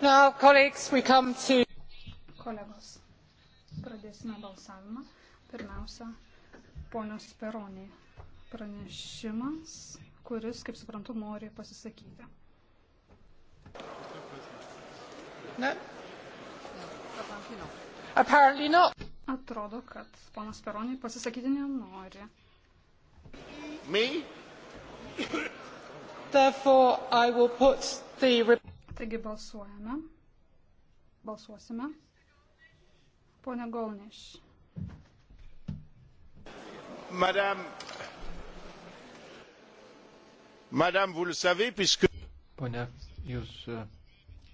Now, colleagues, we come to... Kolegos, pradėsime balsavimą. Pirmiausia, ponios Peronė pranešimas, kuris, kaip suprantu, nori pasisakyti. Ne? Apparently not. Atrodo, kad ponas Peronė pasisakyti nenori. Me? Therefore, I will put the Taigi balsuojame. Balsuosime. Pone Golniš. Madame. Madame, vous le savez, puisque. Pone, jūs e,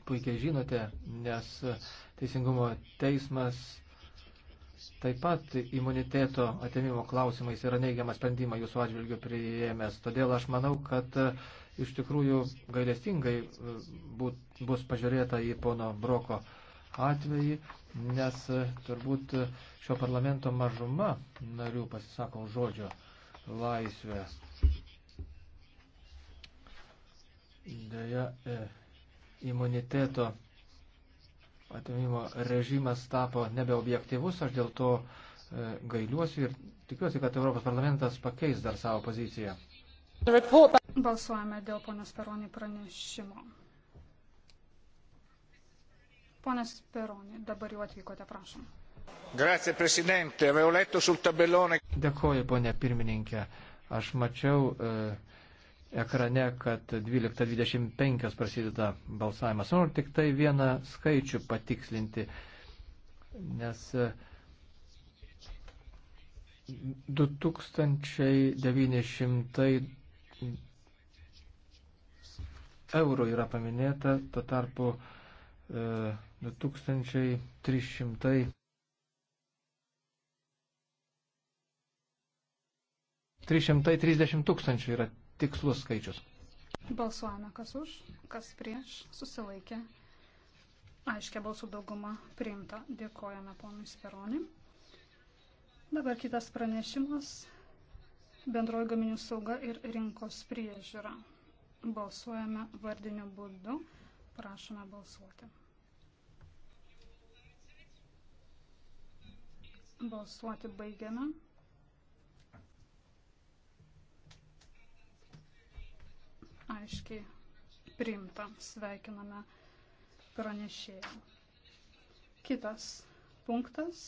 puikiai žinote, nes e, Teisingumo teismas taip pat imuniteto atėmimo klausimais yra neigiamas sprendimą jūsų atžvilgių priėmęs. Todėl aš manau, kad e, iš tikrųjų gailestingai e, bus pažiūrėta į pono Broko atvejį, nes e, turbūt šio parlamento mažuma narių pasisako žodžio laisvę. Deja, e, imuniteto atimimo režimas tapo nebeobjektivus, aš dėl to gailiuosi ir tikiuosi, kad Europos parlamentas pakeis dar savo poziciją balsuojame dėl ponios Peronį pranešimo. Ponas Peronį, dabar jau atvykote, prašom. Grazie, prezidente. Avevo letto sul tabellone. Dėkoju, ponė pirmininkė. Aš mačiau e, ekrane, kad 12.25 prasideda balsavimas. Noriu tik tai vieną skaičių patikslinti, nes e, 2900 eurų yra paminėta, tuo tarpu e, 2300 330 tūkstančių yra tikslus skaičius. Balsuojame, kas už, kas prieš, susilaikė. Aiškia balsų dauguma priimta. Dėkojame ponui Speroni. Dabar kitas pranešimas. Bendroji gaminių sauga ir rinkos priežiūra. Balsuojame vardiniu būdu. Prašome balsuoti. Balsuoti baigiame. Aiškiai priimta. Sveikiname pranešėją. Kitas punktas.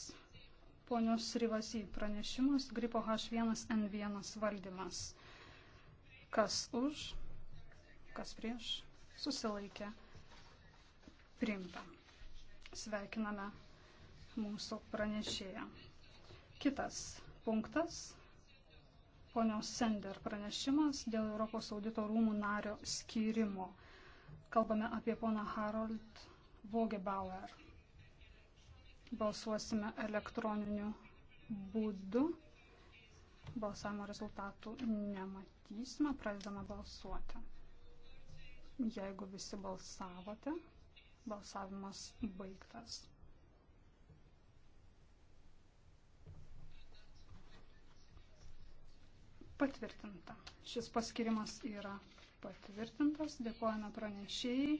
Ponios Rivasi pranešimas. Gripo H1N1 valdymas. Kas už? kas prieš, susilaikė, priimta. Sveikiname mūsų pranešėją. Kitas punktas - ponios Sender pranešimas dėl Europos audito rūmų nario skyrimo. Kalbame apie poną Harold Vogebauer. Balsuosime elektroniniu būdu. Balsavimo rezultatų nematysime, pradedame balsuoti. Jeigu visi balsavote, balsavimas baigtas. Patvirtinta. Šis paskirimas yra patvirtintas. Dėkojame pranešėjai.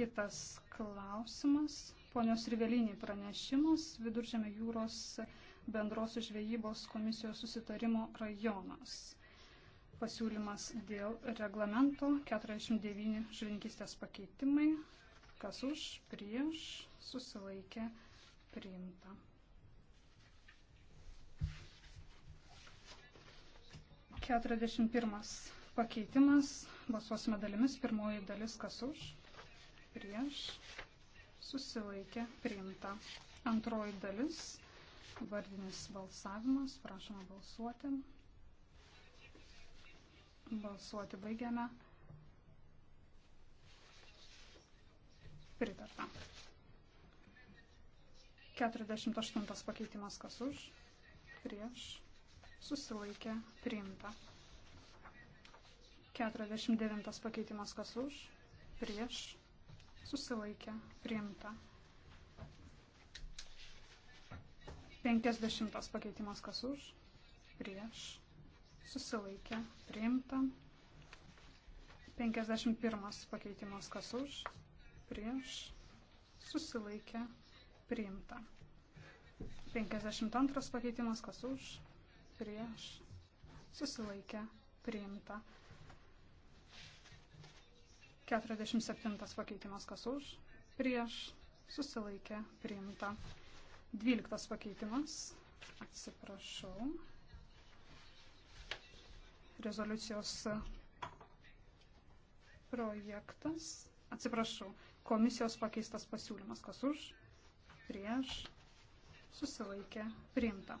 Kitas klausimas. Ponios Rivelinį pranešimas. Viduržėme jūros bendros žvejybos komisijos susitarimo rajonas. Pasiūlymas dėl reglamento 49 žuvininkistės pakeitimai. Kas už, prieš, susilaikė, priimta. Keturiasdešimt pirmas pakeitimas. Balsuosime dalimis. Pirmoji dalis kas už, prieš, susilaikė, priimta. Antroji dalis. Vardinis balsavimas. Prašoma balsuoti. Balsuoti baigiame. Pritarta. 48 pakeitimas kas už, prieš, susilaikė, priimta. 49 pakeitimas kas už, prieš, susilaikė, priimta. 50 pakeitimas kas už, prieš, susilaikė, priimta. 51 pakeitimas kas už, prieš, susilaikė, priimta. 52 pakeitimas kas už, prieš, susilaikė, priimta. 47 pakeitimas kas už, prieš, susilaikė, priimta. 12 pakeitimas, atsiprašau, rezoliucijos projektas, atsiprašau, komisijos pakeistas pasiūlymas, kas už, prieš, susilaikė, priimta.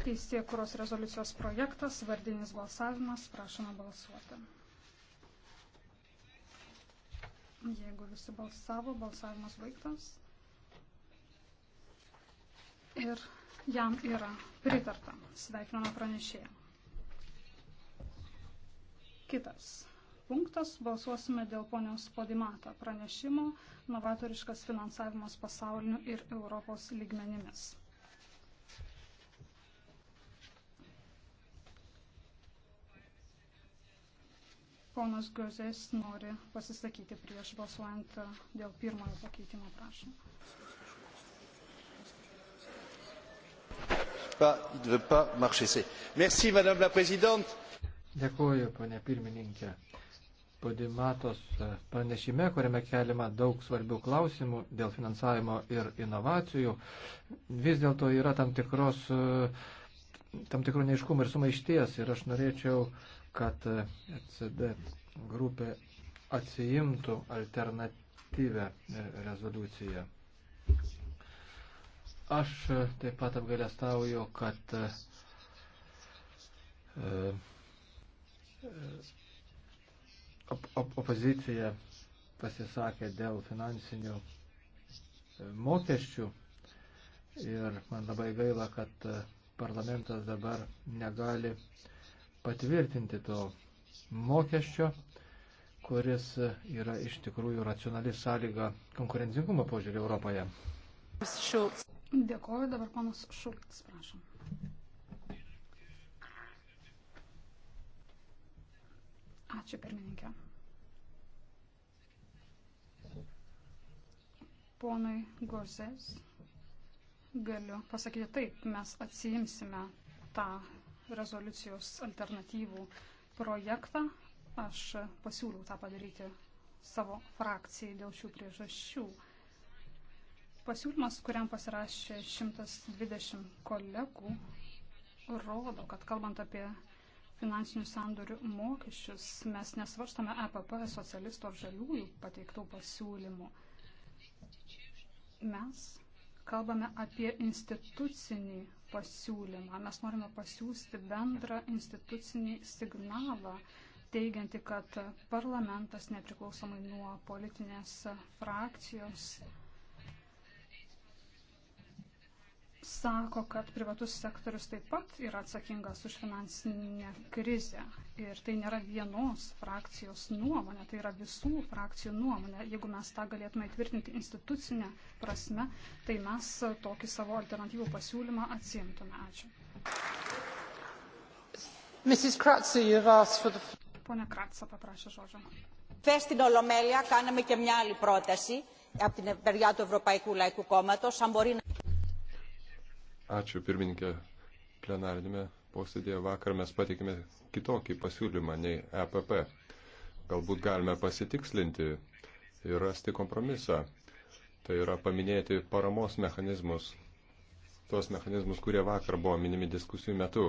Teisėkuros rezoliucijos projektas, vardinis balsavimas, prašoma balsuoti. Jeigu visi balsavo, balsavimas baigtas. Ir Jam yra pritarta. Sveikiname pranešėją. Kitas punktas. Balsuosime dėl ponios Podimata pranešimo novatoriškas finansavimas pasauliniu ir Europos lygmenimis. Ponas Gozės nori pasisakyti prieš balsuojant dėl pirmojo pakeitimo prašymą. madame la présidente. Dėkuoju, ponė pirmininkė. Podimatos e, pranešime, kuriame keliama daug svarbių klausimų dėl finansavimo ir inovacijų, vis dėlto yra tam, tikros, e, tam tikro neiškumo ir sumaišties. Ir aš norėčiau, kad ECD e grupė atsijimtų alternatyvę rezoliuciją. Aš e, taip pat apgailestauju, kad e, e, op op opozicija pasisakė dėl finansinių mokesčių ir man labai gaila, kad parlamentas dabar negali patvirtinti to mokesčio, kuris yra iš tikrųjų racionali sąlyga konkurencingumo požiūrį Europoje. Šulc. Dėkoju, dabar ponas Šulcas, prašom. Ačiū, pirmininkė. Ponai Gozės, galiu pasakyti taip, mes atsijimsime tą rezoliucijos alternatyvų projektą. Aš pasiūliau tą padaryti savo frakcijai dėl šių priežasčių. Pasiūlymas, kuriam pasirašė 120 kolegų, rodo, kad kalbant apie finansinių sandorių mokesčius, mes nesvarstame EPP socialistų ar žaliųjų pateiktų pasiūlymų. Mes kalbame apie institucinį pasiūlymą. Mes norime pasiūsti bendrą institucinį signalą, teigianti, kad parlamentas nepriklausomai nuo politinės frakcijos sako, kad privatus sektorius taip pat yra atsakingas už finansinę krizę. Ir tai nėra vienos frakcijos nuomonė, tai yra visų frakcijų nuomonė. Jeigu mes tą galėtume įtvirtinti institucinę prasme, tai mes tokį savo alternatyvų pasiūlymą atsimtume. Ačiū. Pone Kratsa paprašė žodžio. Χθε στην Ολομέλεια κάναμε και μια άλλη πρόταση από την μεριά του Ευρωπαϊκού Λαϊκού Κόμματο, αν μπορεί να. Ačiū pirmininkė plenarinėme posėdėje. Vakar mes pateikėme kitokį pasiūlymą nei EPP. Galbūt galime pasitikslinti ir rasti kompromisą. Tai yra paminėti paramos mechanizmus, tuos mechanizmus, kurie vakar buvo minimi diskusijų metu.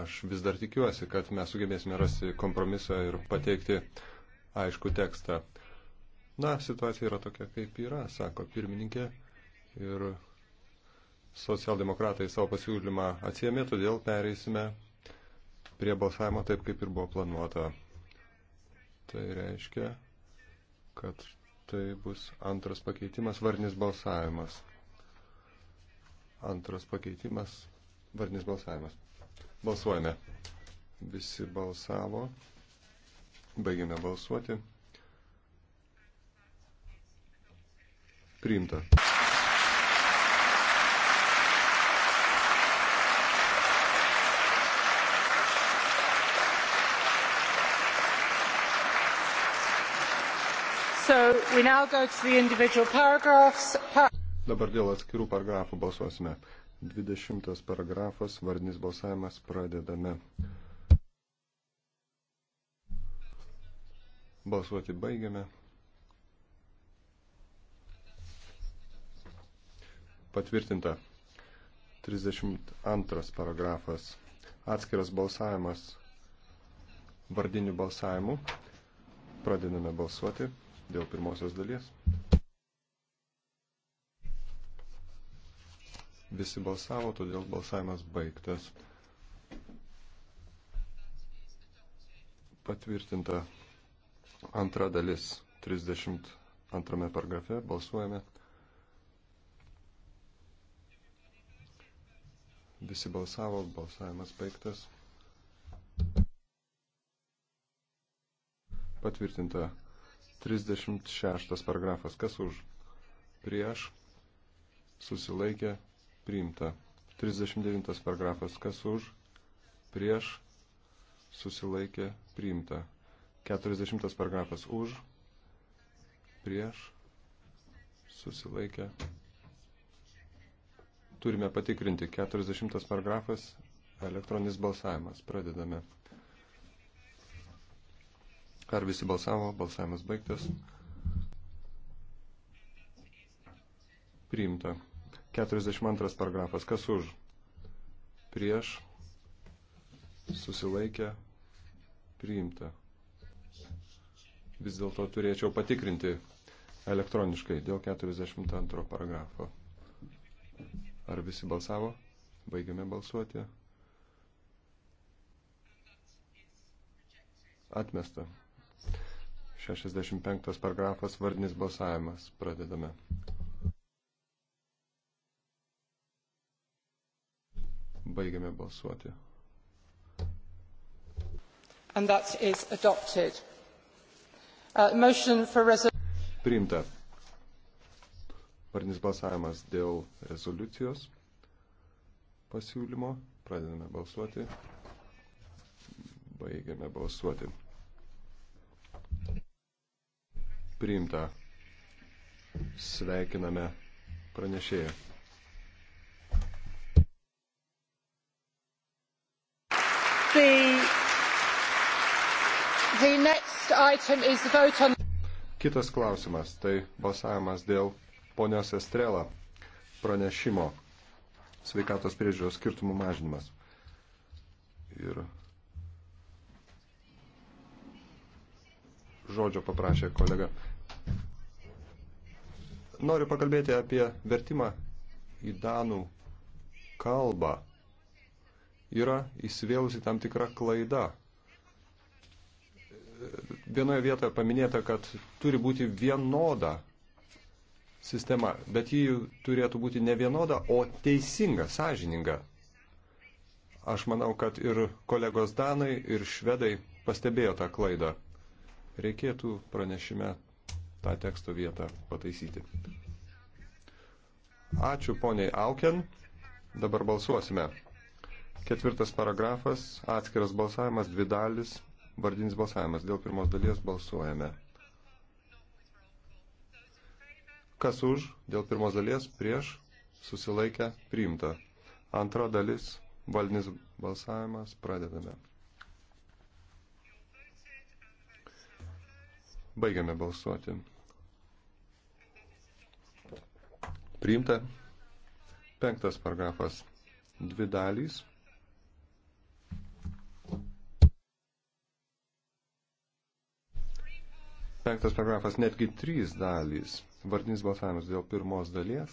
Aš vis dar tikiuosi, kad mes sugebėsime rasti kompromisą ir pateikti aišku tekstą. Na, situacija yra tokia, kaip yra, sako pirmininkė. Ir Socialdemokratai savo pasiūlymą atsiemė, todėl pereisime prie balsavimo taip, kaip ir buvo planuota. Tai reiškia, kad tai bus antras pakeitimas, varnis balsavimas. Antras pakeitimas, varnis balsavimas. Balsuojame. Visi balsavo. Baigiame balsuoti. Priimta. So Par... Dabar dėl atskirų paragrafų balsuosime. 20 paragrafas, vardinis balsavimas, pradedame. Balsuoti baigiame. Patvirtinta. 32 paragrafas. Atskiras balsavimas vardiniu balsavimu. Pradedame balsuoti dėl pirmosios dalies. Visi balsavo, todėl balsavimas baigtas. Patvirtinta antra dalis 32 paragrafe. Balsuojame. Visi balsavo, balsavimas baigtas. Patvirtinta 36 paragrafas. Kas už? Prieš. Susilaikė. Priimta. 39 paragrafas. Kas už? Prieš. Susilaikė. Priimta. 40 paragrafas. Už. Prieš. Susilaikė. Turime patikrinti. 40 paragrafas. Elektroninis balsavimas. Pradedame. Ar visi balsavo? Balsavimas baigtas. Priimta. 42 paragrafas. Kas už? Prieš. Susilaikę. Priimta. Vis dėlto turėčiau patikrinti elektroniškai dėl 42 paragrafo. Ar visi balsavo? Baigiame balsuoti. Atmesta. 65 paragrafas vardinis balsavimas. Pradedame. Baigiame balsuoti. And that is adopted. Uh, motion for Priimta. Vardinis balsavimas dėl rezoliucijos pasiūlymo. Pradedame balsuoti. Baigiame balsuoti. priimta. Sveikiname pranešėją. Kitas klausimas - tai balsavimas dėl ponios Estrela pranešimo sveikatos priežiūros skirtumų mažinimas. Ir žodžio paprašė kolega. Noriu pakalbėti apie vertimą į danų kalbą. Yra įsivėlusi tam tikra klaida. Vienoje vietoje paminėta, kad turi būti vienoda sistema, bet ji turėtų būti ne vienoda, o teisinga, sąžininga. Aš manau, kad ir kolegos Danai, ir švedai pastebėjo tą klaidą. Reikėtų pranešime tą teksto vietą pataisyti. Ačiū poniai Auken. Dabar balsuosime. Ketvirtas paragrafas, atskiras balsavimas, dvi dalis, vardinis balsavimas. Dėl pirmos dalies balsuojame. Kas už, dėl pirmos dalies, prieš, susilaikę, priimta. Antra dalis, valdinis balsavimas, pradedame. Baigiame balsuoti. Priimta. Penktas paragrafas. Dvi dalys. Penktas paragrafas, netgi trys dalys. Vardinis balsavimas dėl pirmos dalies.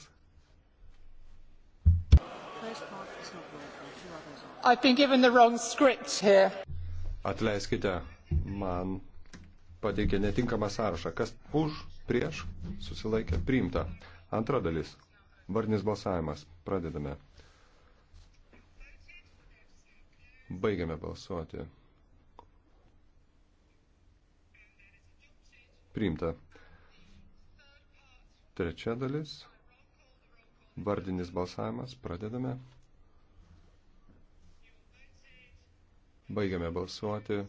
Atleiskite, man pateikė netinkamą sąrašą. Kas už, prieš, susilaikė, priimta. Antra dalis. Varnis balsavimas. Pradedame. Baigiame balsuoti. Priimta. Trečia dalis. Vardinis balsavimas. Pradedame. Baigiame balsuoti.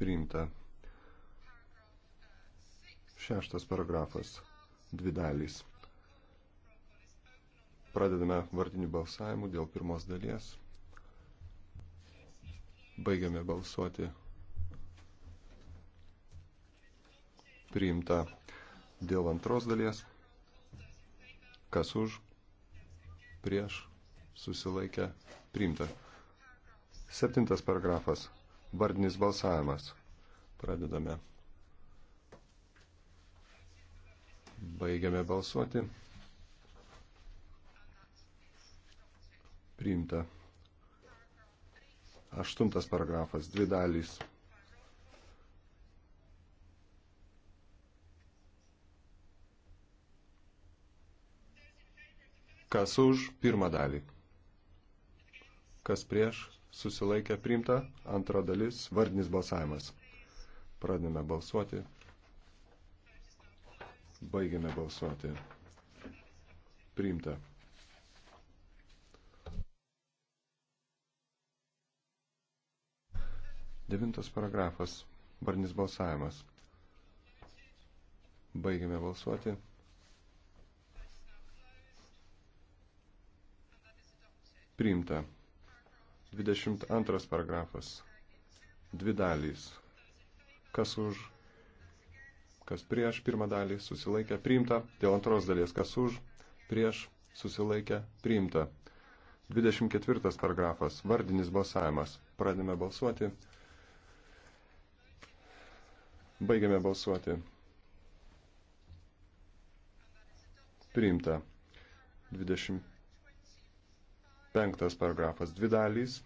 priimta. Šeštas paragrafas, dvi dalys. Pradedame vardinių balsavimų dėl pirmos dalies. Baigiame balsuoti. Priimta dėl antros dalies. Kas už, prieš, susilaikę, priimta. Septintas paragrafas. Vardinis balsavimas. Pradedame. Baigiame balsuoti. Priimta. Aštuntas paragrafas, dvi dalys. Kas už pirmą dalį? Kas prieš? susilaikė priimta, antra dalis vardinis balsavimas. Pradėme balsuoti, baigiame balsuoti, priimta. Devintas paragrafas, vardinis balsavimas. Baigiame balsuoti. Priimta. 22 paragrafas. Dvi dalys. Kas už, kas prieš pirmą dalį susilaikė priimta. Dėl antros dalies kas už, prieš susilaikė priimta. 24 paragrafas. Vardinis balsavimas. Pradėme balsuoti. Baigiame balsuoti. Priimta. 20 penktas paragrafas, dvi dalys.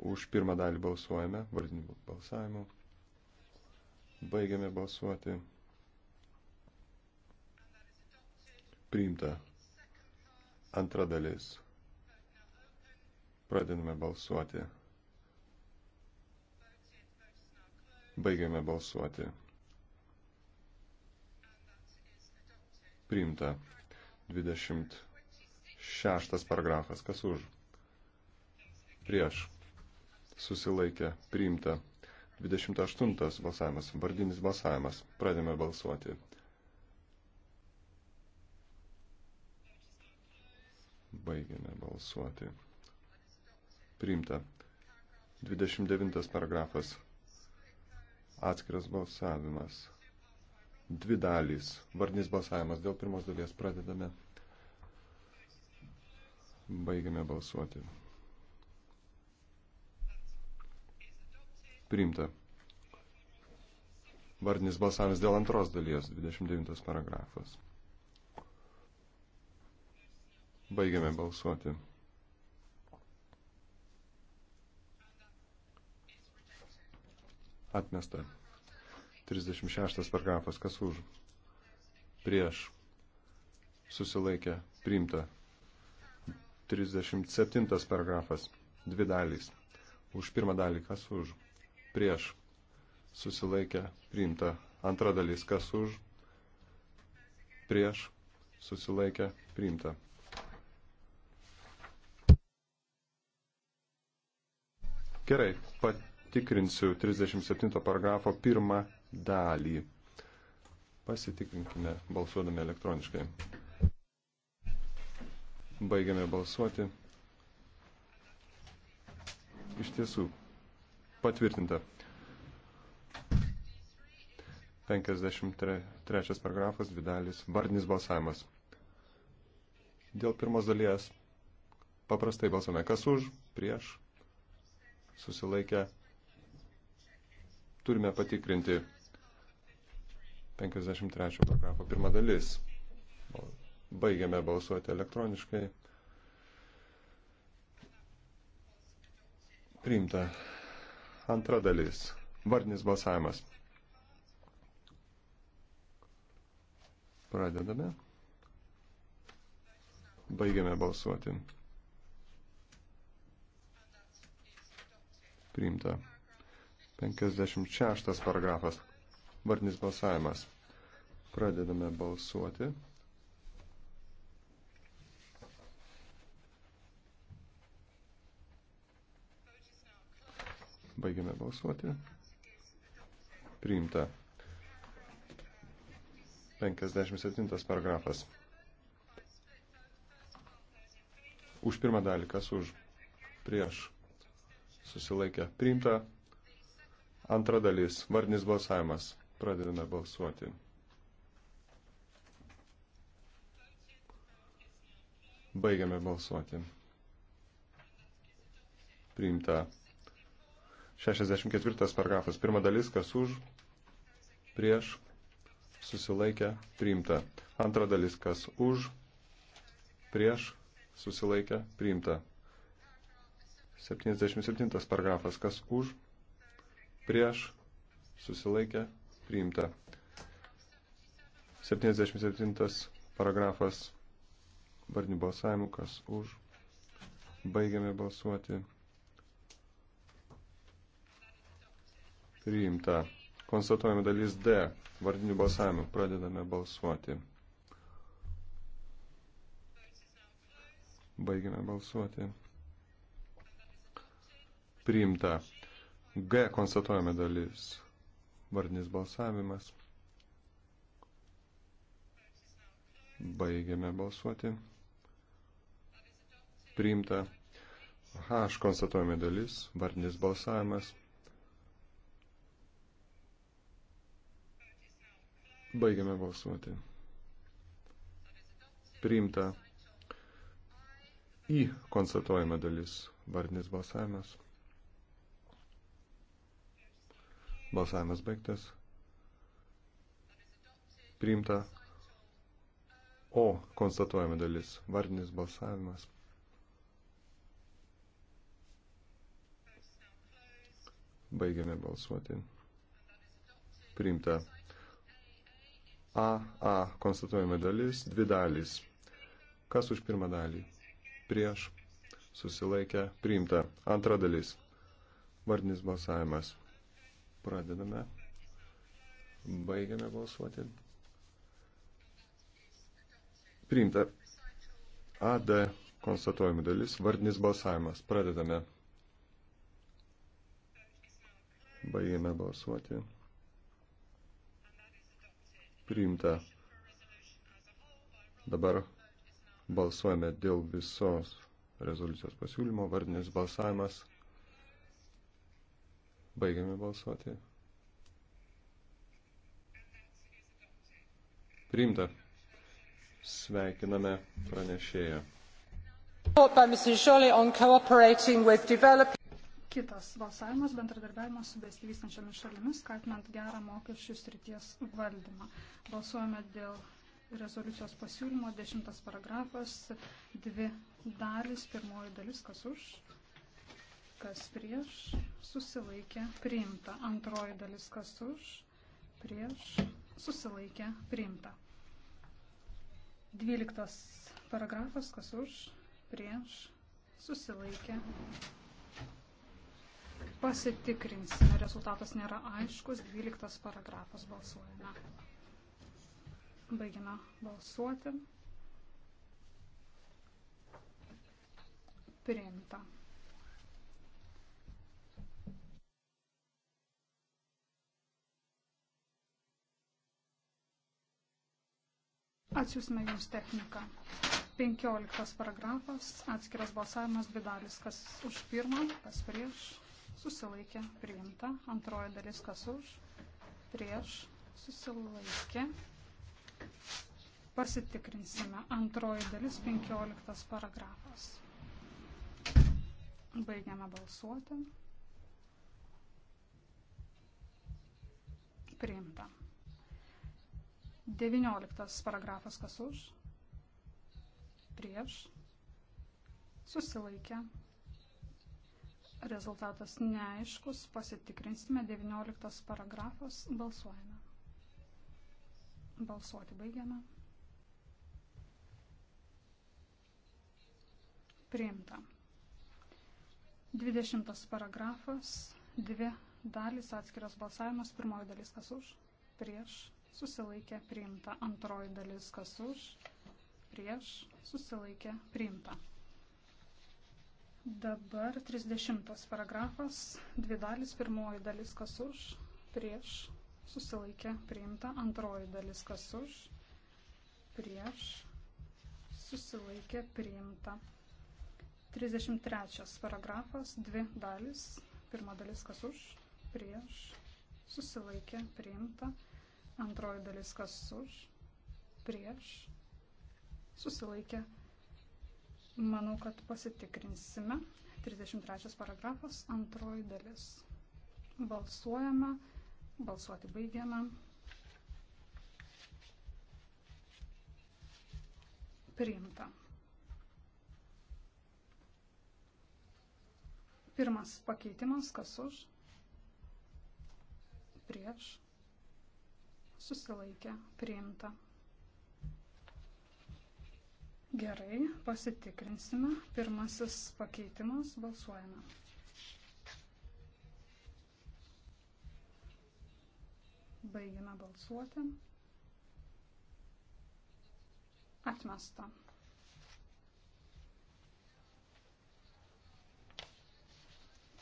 Už pirmą dalį balsuojame, vardinių balsavimų. Baigiame balsuoti. Priimta. Antra dalis. Pradedame balsuoti. Baigiame balsuoti. Priimta. 26 paragrafas. Kas už? Prieš susilaikė priimta. 28 balsavimas, vardinis balsavimas. Pradėme balsuoti. Baigėme balsuoti. Priimta. 29 paragrafas. Atskiras balsavimas. Dvi dalys. Vardinis balsavimas. Dėl pirmos dalies pradedame. Baigėme balsuoti. Priimta. Vardinis balsavimas dėl antros dalies, 29 paragrafas. Baigiame balsuoti. Atmesta. 36 paragrafas. Kas už? Prieš. Susilaikė. Priimta. 37 paragrafas. Dvi dalys. Už pirmą dalį. Kas už? prieš susilaikę priimta. Antra dalis, kas už, prieš susilaikę priimta. Gerai, patikrinsiu 37 paragrafo pirmą dalį. Pasitikrinkime balsuodami elektroniškai. Baigiame balsuoti. Iš tiesų, Patvirtinta. 53 paragrafas, dvi dalis, vardinis balsavimas. Dėl pirmos dalies paprastai balsame, kas už, prieš, susilaikę. Turime patikrinti 53 paragrafo pirmą dalis. Baigiame balsuoti elektroniškai. Priimta. Antra dalis. Vardinis balsavimas. Pradedame. Baigiame balsuoti. Priimta. 56 paragrafas. Vardinis balsavimas. Pradedame balsuoti. Baigiame balsuoti. Priimta. 57 paragrafas. Už pirmą dalį, kas už prieš susilaikę priimta. Antra dalis, vardinis balsavimas. Pradedame balsuoti. Baigiame balsuoti. Priimta 64 paragrafas. Pirma dalis, kas už, prieš, susilaikę, priimta. Antra dalis, kas už, prieš, susilaikę, priimta. 77 paragrafas, kas už, prieš, susilaikę, priimta. 77 paragrafas, vardinių balsavimų, kas už, baigiame balsuoti. priimta. Konstatuojame dalis D. Vardinių balsavimų. Pradedame balsuoti. Baigiame balsuoti. Priimta. G. Konstatuojame dalis. Vardinis balsavimas. Baigiame balsuoti. Priimta. H. Konstatuojame dalis. Vardinis balsavimas. Baigiame balsuoti. Priimta į konstatuojama dalis vardinis balsavimas. Balsavimas baigtas. Priimta O konstatuojama dalis vardinis balsavimas. Baigiame balsuoti. Priimta AA konstatuojama dalis, dvi dalys. Kas už pirmą dalį? Prieš susilaikę priimta. Antra dalis. Vardinis balsavimas. Pradedame. Baigiame balsuoti. Priimta. AD konstatuojama dalis. Vardinis balsavimas. Pradedame. Baigiame balsuoti priimta. Dabar balsuojame dėl visos rezoliucijos pasiūlymo, vardinis balsavimas. Baigiame balsuoti. Priimta. Sveikiname pranešėją. Report by Mrs. Jolie on cooperating with developing Kitas balsavimas bendradarbiavimas su besivystančiomis šalimis, skatinant gerą mokesčių srities valdymą. Balsuojame dėl rezoliucijos pasiūlymo, dešimtas paragrafas, dvi dalis, pirmoji dalis, kas už, kas prieš, susilaikė, priimta. Antroji dalis, kas už, prieš, susilaikė, priimta. Dvyliktas paragrafas, kas už, prieš, susilaikė, priimta Pasitikrinsime, rezultatas nėra aiškus, 12 paragrafas balsuojame. Baigime balsuoti. Priimta. Atsiūsime jums techniką. 15 paragrafas, atskiras balsavimas, dvi dalis, kas už pirmą, kas prieš susilaikė priimta. Antroji dalis kas už, prieš susilaikė. Pasitikrinsime. Antroji dalis 15 paragrafas. Baigiame balsuoti. Priimta. 19 paragrafas kas už, prieš, susilaikė, Rezultatas neaiškus, pasitikrinsime 19 paragrafas, balsuojame. Balsuoti baigiame. Priimta. 20 paragrafas, dvi dalys atskiras balsavimas, pirmoji dalis kas už, prieš, susilaikė, priimta, antroji dalis kas už, prieš, susilaikė, priimta. Dabar 30 paragrafas, dvi dalis, pirmoji dalis kas už, prieš, susilaikė, priimta, antroji dalis kas už, prieš, susilaikė, priimta. 33 paragrafas, dvi dalis, pirma dalis kas už, prieš, susilaikė, priimta, antroji dalis kas už, prieš, susilaikė, priimta Manau, kad pasitikrinsime. 33 paragrafas, antroji dalis. Balsuojame, balsuoti baigiame. Priimta. Pirmas pakeitimas, kas už, prieš, susilaikę, priimta. Gerai, pasitikrinsime. Pirmasis pakeitimas, balsuojame. Baigime balsuoti. Atmesta.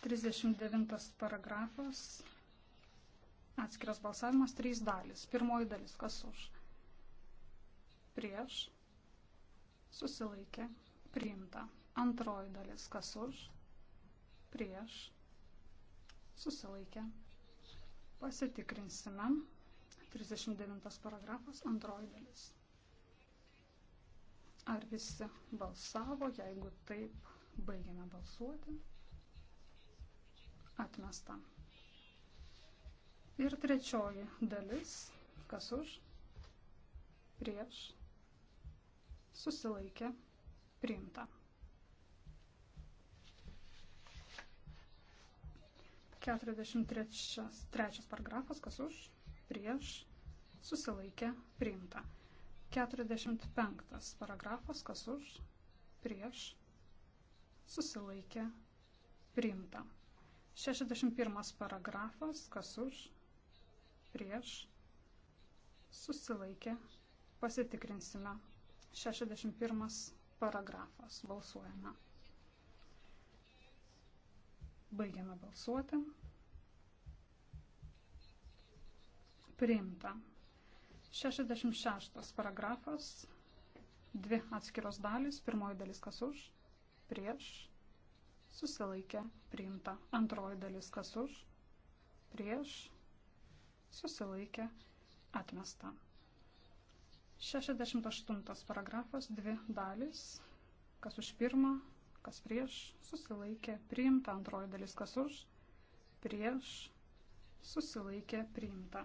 Trisdešimt devintas paragrafas. Atskiras balsavimas, trys dalis. Pirmoji dalis, kas už? Prieš. Prieš susilaikė, priimta. Antroji dalis, kas už, prieš, susilaikė. Pasitikrinsime. 39 paragrafas, antroji dalis. Ar visi balsavo, jeigu taip, baigiame balsuoti. Atmesta. Ir trečioji dalis, kas už, prieš, susilaikė, priimta. Keturiasdešimt trečias paragrafas, kas už, prieš, susilaikė, priimta. Keturiasdešimt penktas paragrafas, kas už, prieš, susilaikė, priimta. 61 paragrafas, kas už, prieš, susilaikė, pasitikrinsime 61 paragrafas. Balsuojame. Baigiame balsuoti. Priimta. 66 paragrafas. Dvi atskiros dalys. Pirmoji dalis kas už, prieš, susilaikė, priimta. Antroji dalis kas už, prieš, susilaikė, atmesta. 68 paragrafas, dvi dalys, kas už pirmą, kas prieš, susilaikė, priimta, antroji dalis, kas už, prieš, susilaikė, priimta.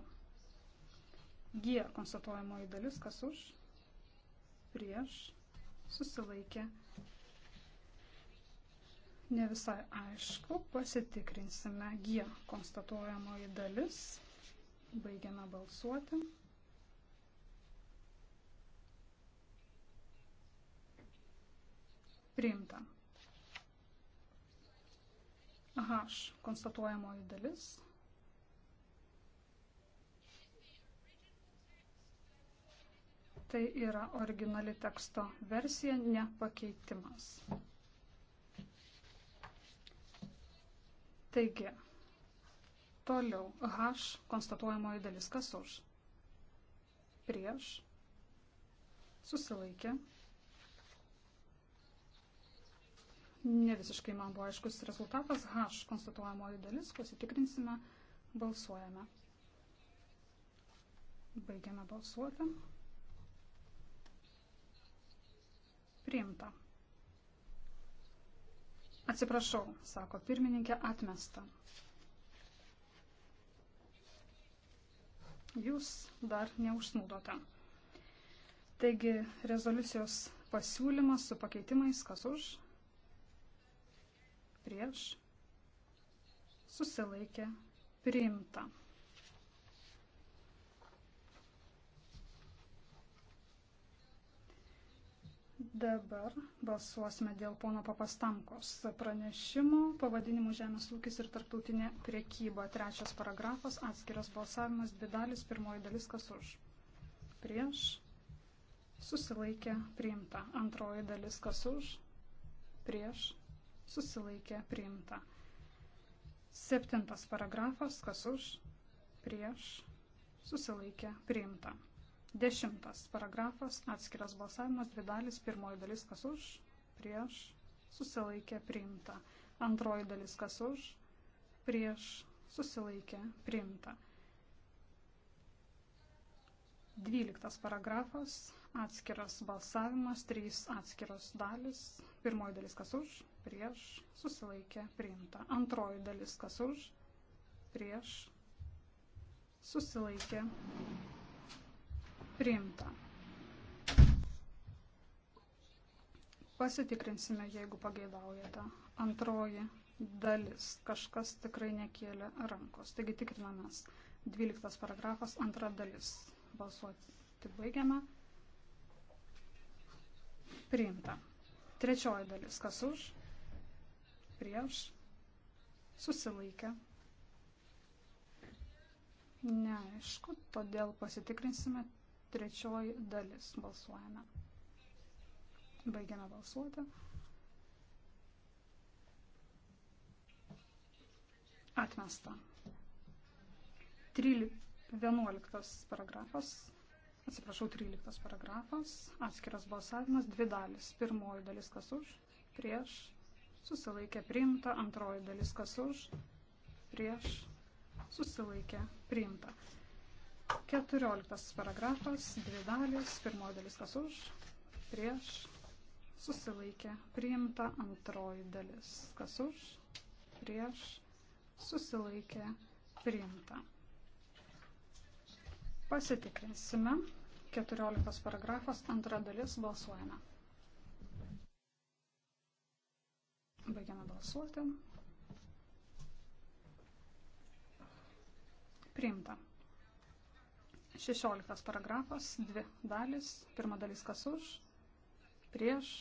G konstatuojamoji dalis, kas už, prieš, susilaikė, ne visai aišku, pasitikrinsime G konstatuojamoji dalis, baigiame balsuoti. priimta. Aha, konstatuojamoji dalis. Tai yra originali teksto versija, ne pakeitimas. Taigi, toliau H konstatuojamoji dalis kas už. Prieš. Susilaikė. Ne visiškai man buvo aiškus rezultatas. H konstatuojamoji dalis. Pasitikrinsime. Balsuojame. Baigiame balsuoti. Priimta. Atsiprašau, sako pirmininkė atmesta. Jūs dar neužsnūdote. Taigi rezoliucijos pasiūlymas su pakeitimais, kas už, prieš, susilaikė, priimta. Dabar balsuosime dėl pono Papastamkos pranešimo pavadinimu Žemės ūkis ir tarptautinė priekyba. Trečias paragrafas, atskiras balsavimas, dvi dalis, pirmoji dalis kas už. Prieš, susilaikė, priimta. Antroji dalis kas už, prieš, susilaikė priimta. Septintas paragrafas, kas už, prieš, susilaikė priimta. Dešimtas paragrafas, atskiras balsavimas, dvi dalis, pirmoji dalis, kas už, prieš, susilaikė priimta. Antroji dalis, kas už, prieš, susilaikė priimta. Dvyliktas paragrafas, atskiras balsavimas, trys atskiros dalis, pirmoji dalis, kas už, prieš, susilaikė, priimta. Antroji dalis, kas už, prieš, susilaikė, priimta. Pasitikrinsime, jeigu pageidaujate. Antroji dalis. Kažkas tikrai nekėlė rankos. Taigi tikrinamės. 12 paragrafas, antra dalis. Balsuoti baigiame. Priimta. Trečioji dalis. Kas už? prieš, susilaikę. Neaišku, todėl pasitikrinsime trečioji dalis. Balsuojame. Baigiame balsuoti. Atmesta. 13, 11 paragrafas. Atsiprašau, 13 paragrafas. Atskiras balsavimas. Dvi dalis. Pirmoji dalis kas už, prieš, susilaikė priimta, antroji dalis kas už, prieš, susilaikė priimta. 14 paragrafas, dvi dalis, pirmoji dalis kas už, prieš, susilaikė priimta, antroji dalis kas už, prieš, susilaikė priimta. Pasitikrinsime. 14 paragrafas, antra dalis, balsuojame. Baigiame balsuoti. Priimta. 16 paragrafas, dvi dalis. Pirma dalis kas už, prieš,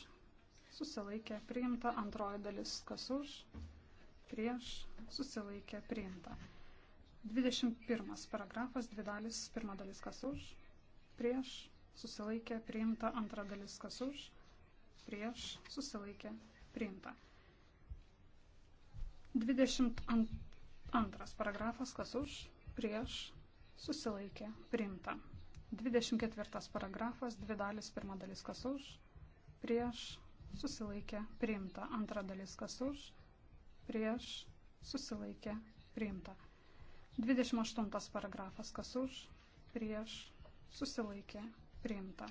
susilaikė, priimta. Antroji dalis kas už, prieš, susilaikė, priimta. 21 paragrafas, dvi dalis, pirma dalis kas už, prieš, susilaikė, priimta, antra dalis kas už, prieš, susilaikė, priimta. 22 paragrafas, kas už, prieš, susilaikė, priimta. 24 paragrafas, dvi dalis, pirma dalis, kas už, prieš, susilaikė, priimta. Antra dalis, kas už, prieš, susilaikė, priimta. 28 paragrafas, kas už, prieš, susilaikė, priimta.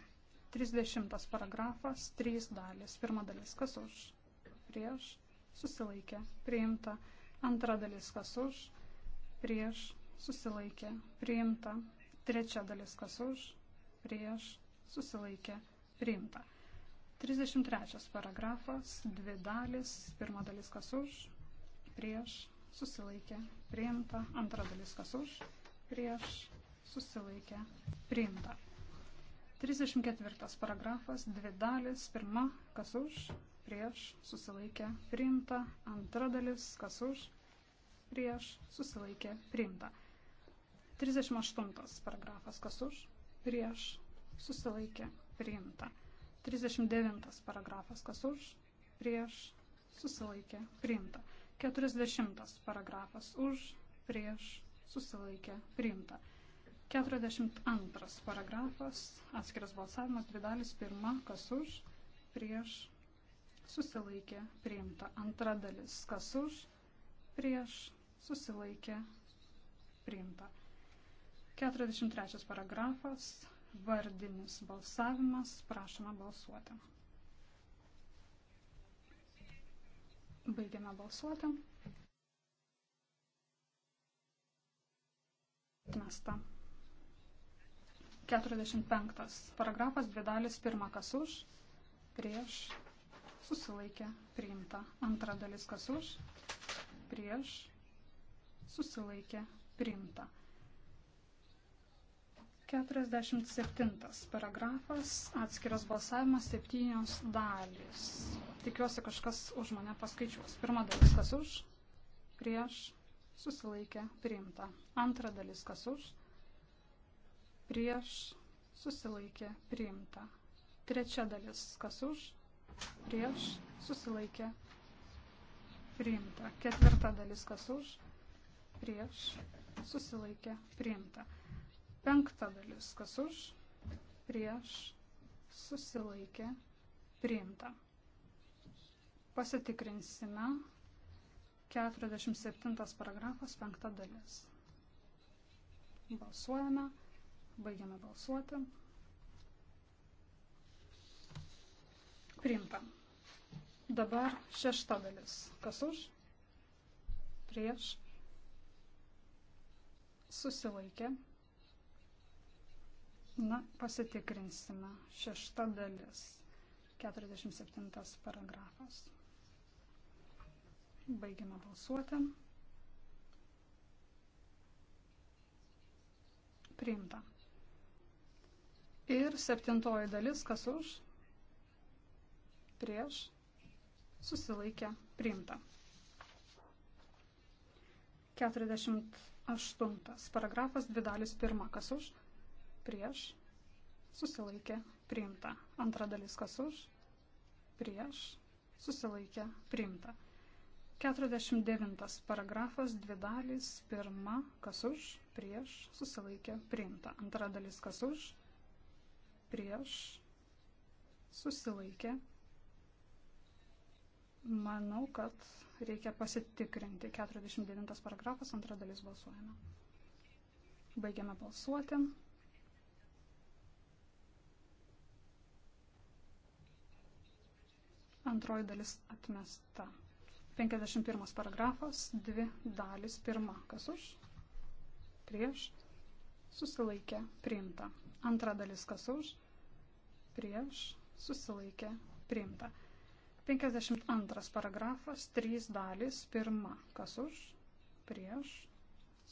30 paragrafas, 3 dalis, pirma dalis, kas už, prieš, susilaikė, priimta. Antra dalis kas už, prieš, susilaikė, priimta. Trečia dalis kas už, prieš, susilaikė, priimta. 33 paragrafas, dvi dalis, pirma dalis kas už, prieš, susilaikė, priimta. Antra dalis kas už, prieš, susilaikė, priimta. 34 paragrafas, dvi dalis, pirma, kas už, prieš, susilaikė, priimta. Antra dalis, kas už, prieš, susilaikė, priimta. 38 paragrafas, kas už, prieš, susilaikė, priimta. 39 paragrafas, kas už, prieš, susilaikė, priimta. 40 paragrafas, už, prieš, susilaikė, priimta. 42 paragrafas, atskiras balsavimas, dvi dalis, pirma, kas už, prieš, susilaikė priimta. Antra dalis, kas už, prieš, susilaikė priimta. 43 paragrafas, vardinis balsavimas, prašoma balsuoti. Baigiame balsuoti. Atmesta. 45. Paragrafas dvi dalis, pirma kas už, prieš, susilaikė priimta. Antra dalis kas už, prieš, susilaikė priimta. 47 paragrafas, atskiras balsavimas, septynios dalys. Tikiuosi, kažkas už mane paskaičiuos. Pirma dalis kas už, prieš, susilaikė priimta. Antra dalis kas už, prieš, susilaikė priimta. Trečia dalis kas už, prieš, susilaikė, priimta. Ketvirta dalis kas už, prieš, susilaikė, priimta. Penkta dalis kas už, prieš, susilaikė, priimta. Pasitikrinsime 47 paragrafas 5 dalis. Balsuojame, baigiame balsuoti. Priimta. Dabar šešta dalis. Kas už? Prieš. Susilaikė. Na, pasitikrinsime. Šešta dalis. 47 paragrafas. Baigiame balsuoti. Priimta. Ir septintoji dalis, kas už? prieš, susilaikė, priimta. 48 paragrafas, dvi dalis, pirma, kas už, prieš, susilaikė, priimta. Antra dalis, kas už, prieš, susilaikė, priimta. 49 paragrafas, dvi dalys, pirma, kas už, prieš, susilaikė, priimta. Antra dalis, kas už, prieš, susilaikė, Manau, kad reikia pasitikrinti. 49 paragrafas, antra dalis balsuojame. Baigiame balsuoti. Antroji dalis atmesta. 51 paragrafas, dvi dalis, pirma, kas už, prieš, susilaikė, priimta. Antra dalis, kas už, prieš, susilaikė, priimta. 52 paragrafas, 3 dalys, pirma, kas už, prieš,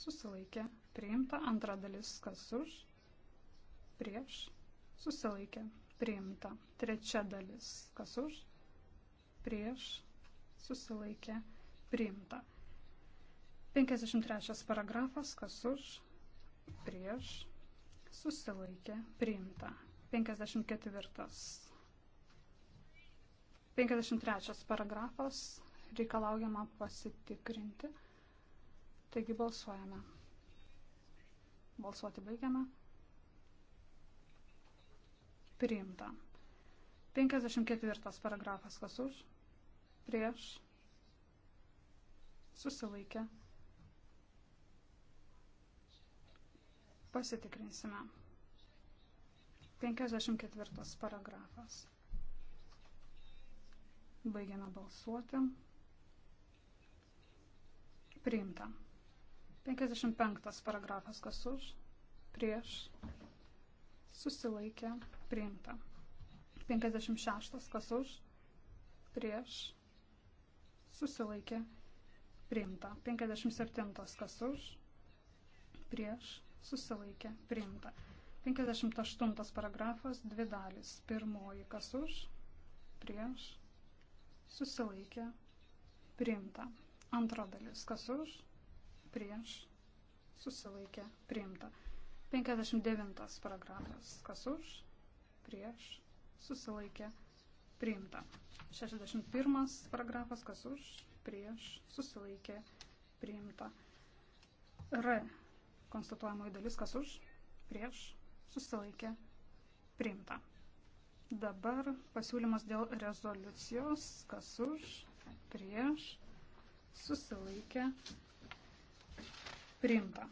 susilaikė, priimta, antra dalis, kas už, prieš, susilaikė, priimta, trečia dalis, kas už, prieš, susilaikė, priimta. 53 paragrafas, kas už, prieš, susilaikė, priimta. 54 53 paragrafas reikalaujama pasitikrinti. Taigi balsuojame. Balsuoti baigiame. Priimta. 54 paragrafas kas už, prieš, susilaikė. Pasitikrinsime. 54 paragrafas. Baigiame balsuoti. Priimta. 55 paragrafas kas už, prieš, susilaikė, priimta. 56 kas už, prieš, susilaikė, priimta. 57 kas už, prieš, susilaikė, priimta. 58 paragrafas, dvi dalis. Pirmoji kas už, prieš, susilaikė, priimta. Antra dalis, kas už, prieš, susilaikė, priimta. 59 paragrafas, kas už, prieš, susilaikė, priimta. 61 paragrafas, kas už, prieš, susilaikė, priimta. R. Konstatuojamoji dalis, kas už, prieš, susilaikė, priimta. Dabar pasiūlymas dėl rezoliucijos, kas už, prieš, susilaikė, priimta.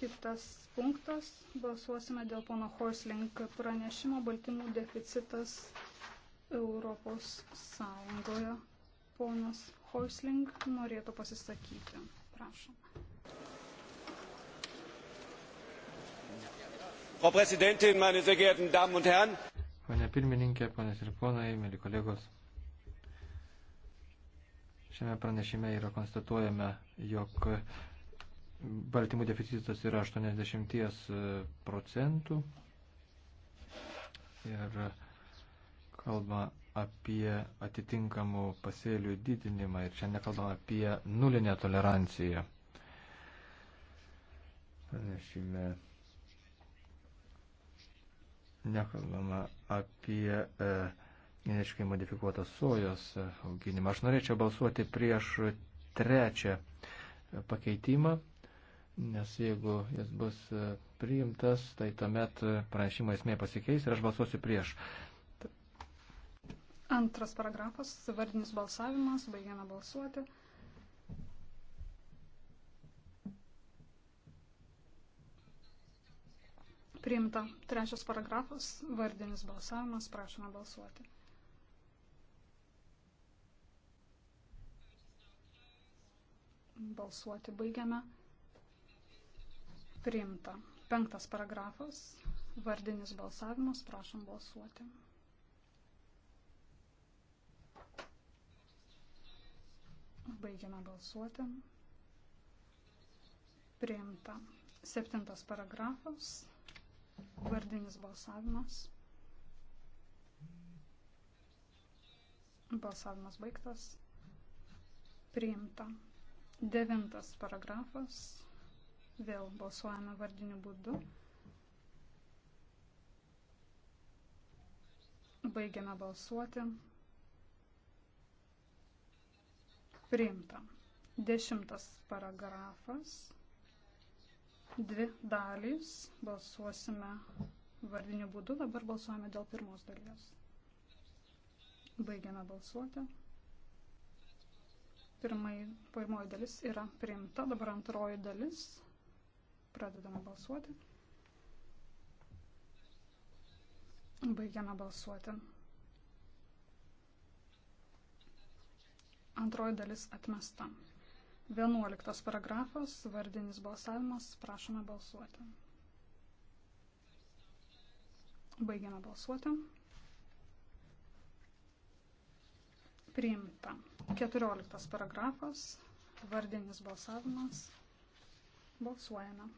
Kitas punktas, balsuosime dėl pono Horslink pranešimo baltymų deficitas Europos Sąjungoje. Ponas Horslink norėtų pasisakyti. Prašom. Frau Präsidentin, meine sehr geehrten Damen und Herren. Pane pirmininkė, ponės ir ponai, mėly kolegos. Šiame pranešime yra konstatuojame, jog baltymų deficitas yra 80 e, procentų ir kalba apie atitinkamų pasėlių didinimą ir čia nekalbam apie nulinę toleranciją. Pranešime nekalbama apie e, genetiškai modifikuotos sojos auginimą. Aš norėčiau balsuoti prieš trečią pakeitimą, nes jeigu jis bus e, priimtas, tai tuomet pranešimo esmė pasikeis ir aš balsuosiu prieš. Antras paragrafas, vardinis balsavimas, baigiame balsuoti. Priimta. Trečias paragrafas. Vardinis balsavimas. Prašome balsuoti. Balsuoti baigiame. Priimta. Penktas paragrafas. Vardinis balsavimas. Prašom balsuoti. Baigiame balsuoti. Priimta. Septintas paragrafas. Vardinis balsavimas. Balsavimas baigtas. Priimta. Devintas paragrafas. Vėl balsuojame vardiniu būdu. Baigiame balsuoti. Priimta. Dešimtas paragrafas. Dvi dalys. Balsuosime vardiniu būdu. Dabar balsuojame dėl pirmos dalies. Baigiame balsuoti. Pirmai, pirmoji dalis yra priimta, dabar antroji dalis. Pradedame balsuoti. Baigiame balsuoti. Antroji dalis atmesta. 11 paragrafas, vardinis balsavimas, prašome balsuoti. Baigiame balsuoti. Priimta. 14 paragrafas, vardinis balsavimas, balsuojame.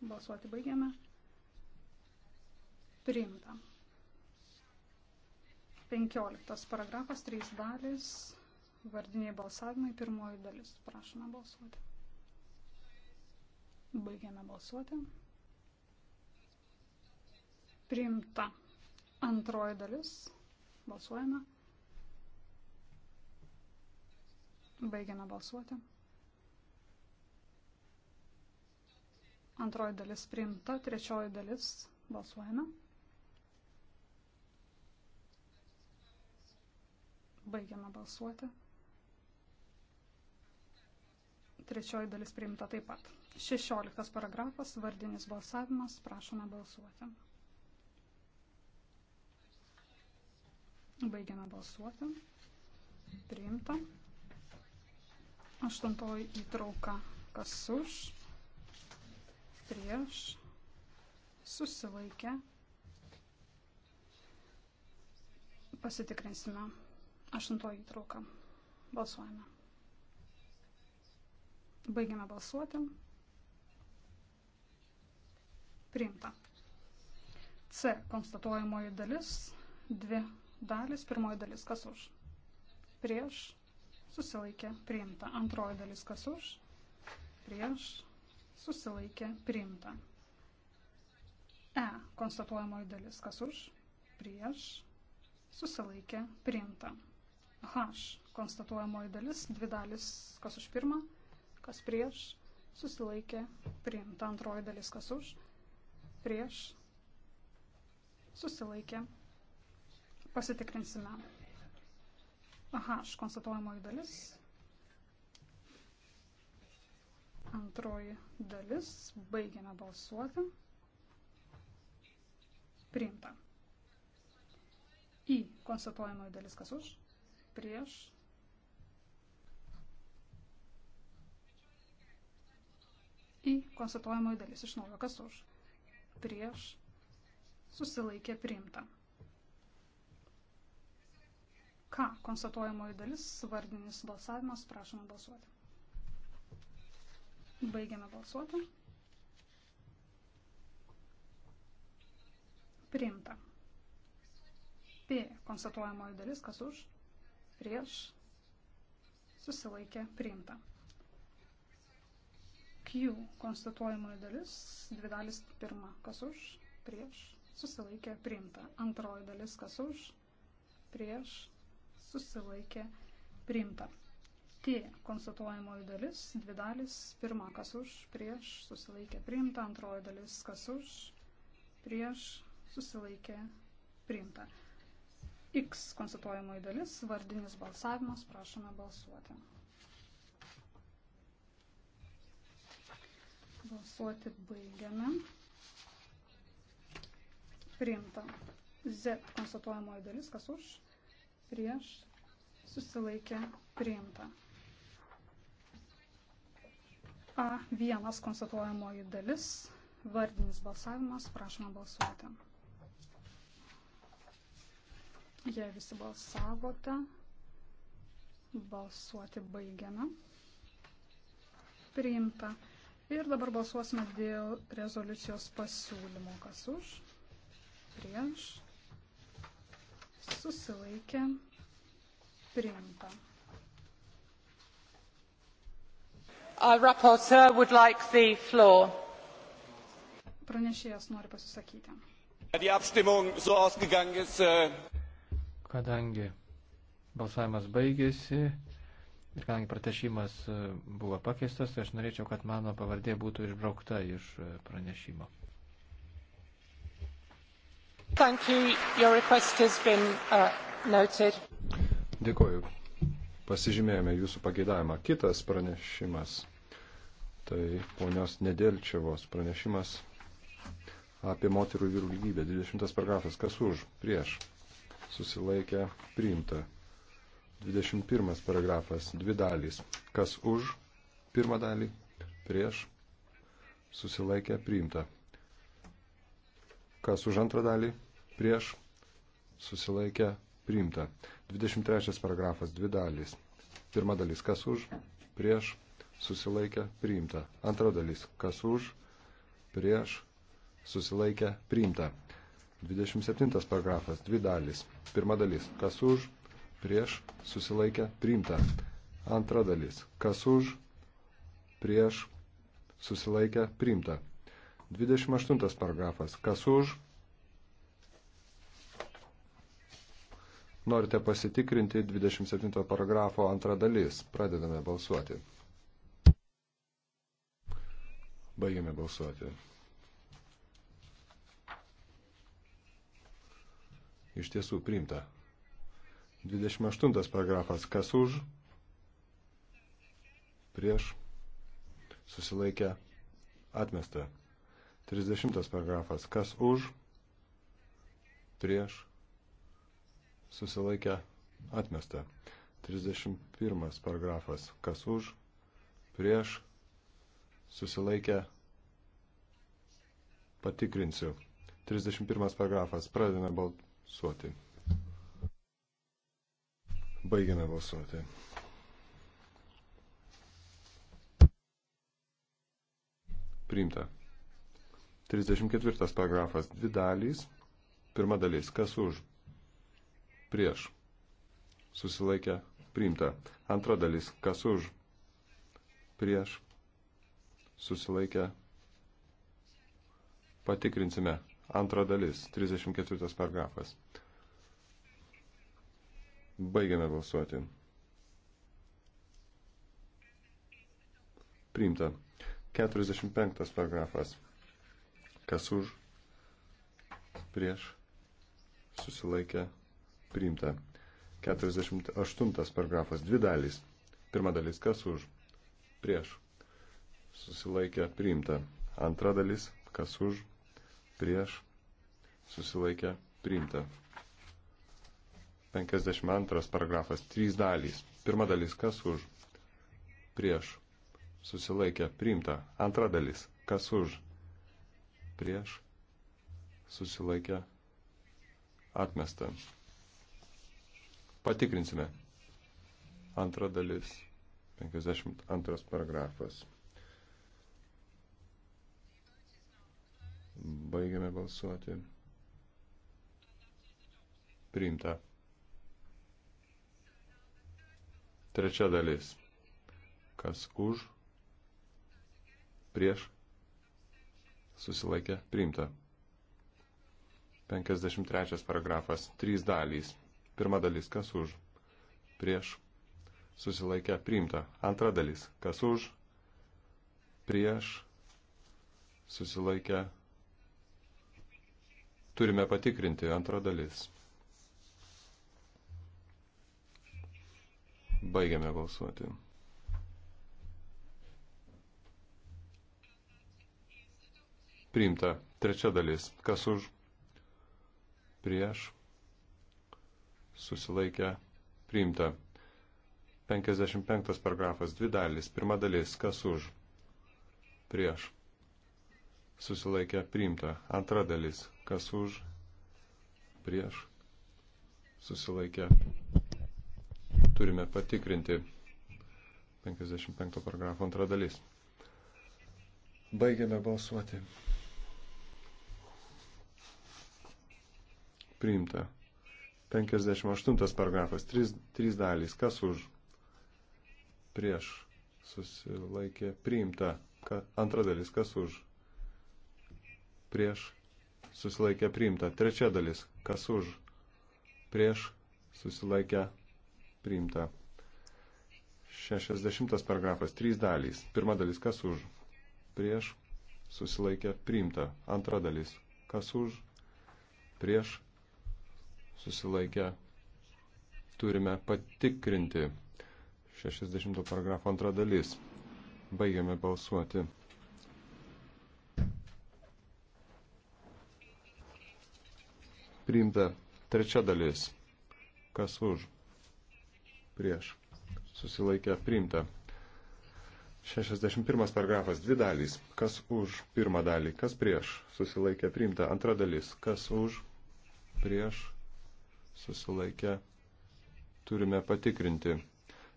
Balsuoti baigiame. Priimta. 15 paragrafas, 3 dalis, Vardiniai balsavimai, pirmoji dalis. Prašome balsuoti. Baigiame balsuoti. Priimta. Antroji dalis. Balsuojame. Baigiame balsuoti. Antroji dalis priimta, trečioji dalis balsuojame. Baigiame balsuoti trečioji dalis priimta taip pat. 16 paragrafas, vardinis balsavimas, prašome balsuoti. Baigiame balsuoti. Priimta. Aštuntoji įtrauka, kas už, prieš, susilaikę. Pasitikrinsime aštuntoji įtrauką. Balsuojame. Baigiame balsuoti. Priimta. C. Konstatuojamoji dalis. Dvi dalis. Pirmoji dalis kas už. Prieš. Susilaikė. Priimta. Antroji dalis kas už. Prieš. Susilaikė. Priimta. E. Konstatuojamoji dalis kas už. Prieš. Susilaikė. Priimta. H. Konstatuojamoji dalis. Dvi dalis kas už pirmą kas prieš, susilaikė, priimta antroji dalis, kas už, prieš, susilaikė, pasitikrinsime. Aha, aš konstatuojamoji dalis. Antroji dalis, baigiame balsuoti. Priimta. Į konstatuojamoji dalis, kas už, prieš, į konstatuojamąjį dalis iš naujo, kas už, prieš, susilaikė priimta. Ką konstatuojamoji dalis, vardinis balsavimas, prašome balsuoti. Baigiame balsuoti. Priimta. P. Konstatuojamoji dalis, kas už, prieš, susilaikė priimta. Q konstatuojamoji dalis, dvi dalis pirma, kas už, prieš, susilaikė, priimta. Antroji dalis, kas už, prieš, susilaikė, priimta. T konstatuojamoji dalis, dvi dalis pirma, kas už, prieš, susilaikė, priimta. Antroji dalis, kas už, prieš, susilaikė, priimta. X konstatuojamoji dalis, vardinis balsavimas, prašome balsuoti. Balsuoti baigiame. Priimta. Z konstatuojamoji dalis, kas už, prieš, susilaikė, priimta. A1 konstatuojamoji dalis, vardinis balsavimas, prašome balsuoti. Jei visi balsavote, balsuoti baigiame. Priimta. Ir dabar balsuosime dėl rezoliucijos pasiūlymo. Kas už? Prieš? Susilaikė? Priimta. Our rapporteur would like the floor. Pranešėjas nori pasisakyti. Äh, Kadangi balsavimas baigėsi, Ir kadangi pratešimas e, buvo pakeistas, tai aš norėčiau, kad mano pavardė būtų išbraukta iš e, pranešimo. You. Been, uh, Dėkuoju. Pasižymėjome jūsų pageidavimą. Kitas pranešimas. Tai ponios Nedelčiavos pranešimas apie moterų vyrų lygybę. 20 paragrafas. Kas už? Prieš. Susilaikė. Priimta. 21 paragrafas, dvi dalys. Kas už pirmą dalį, prieš, susilaikė, priimta. Kas už antrą dalį, prieš, susilaikė, priimta. 23 paragrafas, dvi dalys. Pirma dalis, kas už, prieš, susilaikė, priimta. Antra dalis, kas už, prieš, susilaikė, priimta. 27 paragrafas, dvi dalys. Pirma dalis, kas už, prieš susilaikę priimta. Antra dalis. Kas už, prieš susilaikę priimta. 28 paragrafas. Kas už, Norite pasitikrinti 27 paragrafo antrą dalis. Pradedame balsuoti. Baigiame balsuoti. Iš tiesų priimta. 28 paragrafas. Kas už? Prieš? Susilaikę? Atmesta. 30 paragrafas. Kas už? Prieš? Susilaikę? Atmesta. 31 paragrafas. Kas už? Prieš? Susilaikę? Patikrinsiu. 31 paragrafas. Pradedame balsuoti. Baigiame balsuoti. Priimta. 34 paragrafas. Dvi dalys. Pirma dalis. Kas už? Prieš. Susilaikė. Priimta. Antra dalis. Kas už? Prieš. Susilaikė. Patikrinsime. Antra dalis. 34 paragrafas. Baigiame balsuoti. Priimta. 45 paragrafas. Kas už, prieš, susilaikė, priimta. 48 paragrafas. Dvi dalys. Pirma dalis. Kas už, prieš, susilaikė, priimta. Antra dalis. Kas už, prieš, susilaikė, priimta. 52 paragrafas, 3 dalys. Pirma dalis, kas už, prieš, susilaikė, priimta. Antra dalis, kas už, prieš, susilaikė, atmesta. Patikrinsime. Antra dalis, 52 paragrafas. Baigiame balsuoti. Priimta. Trečia dalis. Kas už, prieš, susilaikė, priimta. 53 paragrafas. Trys dalys. Pirma dalis, kas už, prieš, susilaikė, priimta. Antra dalis, kas už, prieš, susilaikė, priimta turime patikrinti antrą dalis. Baigiame balsuoti. Priimta. Trečia dalis. Kas už? Prieš. Susilaikę. Priimta. 55 paragrafas. Dvi dalis. Pirma dalis. Kas už? Prieš. Susilaikę. Priimta. Antra dalis. Kas už? Prieš. Susilaikę turime patikrinti 55 paragrafo antra dalis. Baigiame balsuoti. Priimta. 58 paragrafas, 3, 3 dalys. Kas už? Prieš. Susilaikė. Priimta. Ka, antra dalis. Kas už? Prieš. Susilaikė. Priimta. Trečia dalis. Kas už? Prieš. Susilaikė priimta. 60 paragrafas, 3 dalys. Pirma dalis, kas už, prieš, susilaikė, priimta. Antra dalis, kas už, prieš, susilaikė, turime patikrinti. 60 paragrafo antra dalis. Baigiame balsuoti. Priimta trečia dalis. Kas už? prieš susilaikę priimta. 61 paragrafas, dvi dalys. Kas už pirmą dalį, kas prieš susilaikę priimta. Antra dalis, kas už prieš susilaikę turime patikrinti.